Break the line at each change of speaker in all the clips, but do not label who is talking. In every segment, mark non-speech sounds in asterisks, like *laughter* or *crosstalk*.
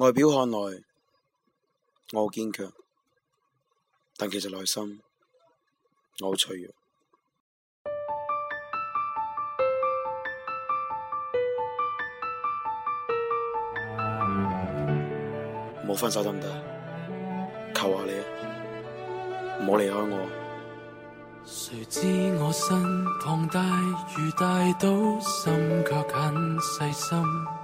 外表看來，我好堅強，但其實內心我好脆弱。冇 *music* 分手得唔得？求下你啊！唔好離開我。誰知
我身龐大如大島，心卻很細心。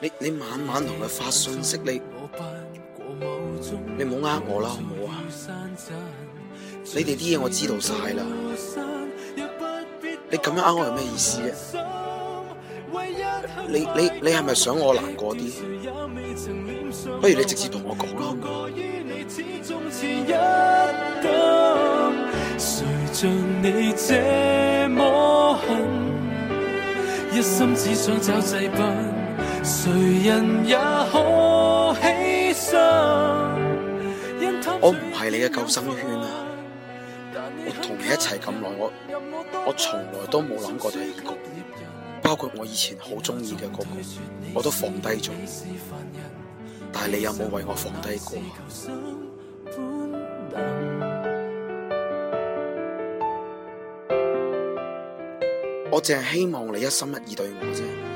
你你晚晚同佢發信息，你你唔好呃我啦，好唔好啊？你哋啲嘢我知道晒啦，你咁樣呃我係咩意思
啊？你你你
係咪想我難過啲？
不如你直接同我講啦。誰人也可犧
牲，
我唔係你嘅救生圈啊！我同你，你一齊咁耐，我我從來都冇諗過第二個，包括我以前好中意嘅嗰個，我都放低咗。但係你有冇為我放低過啊？我淨係希望你一心一意對我啫。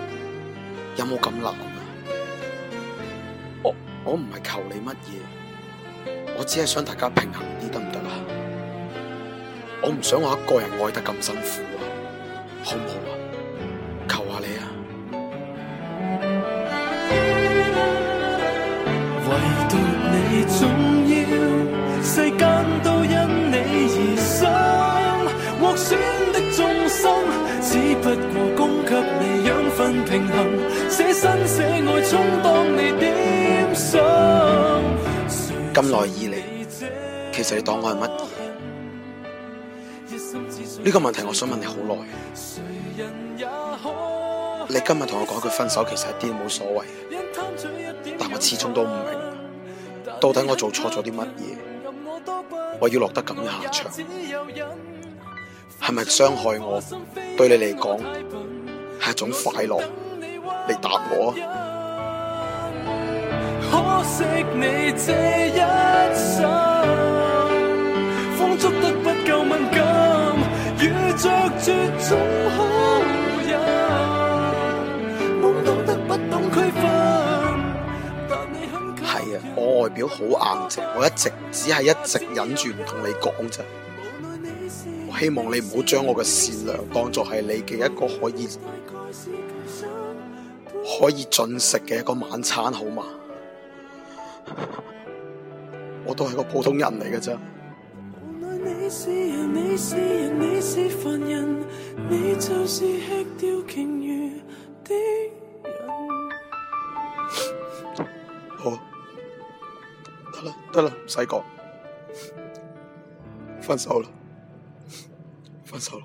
有冇咁諗啊？我我唔係求你乜嘢，我只係想大家平衡啲得唔得啊？我唔想我一個人愛得咁辛苦啊，好唔好啊？求下你啊！唯
獨你重要，世間都因你而生，獲選的眾生，只不過供給你。
咁耐以嚟，其實你當我係乜嘢？
呢個問題我
想問你好耐。你今日同我講佢分手，其實一啲冇所謂。但我始終都唔明，到底我做錯咗啲乜嘢，我要落得咁嘅下場，係咪傷害我？對你嚟講？一種快樂，你答我，
可惜你一生。得不夠敏感，遇着絕種
啊！係 *music* 啊，我外表好硬淨，我一直只係一直忍住唔同你講啫。我希望你唔好將我嘅善良當作係你嘅一個可以。可以進食嘅一個晚餐好嘛？ *laughs* 我都係個普通人嚟嘅啫。
好，得嘞，得嘞，唔使
講，分手嘞，分手嘞。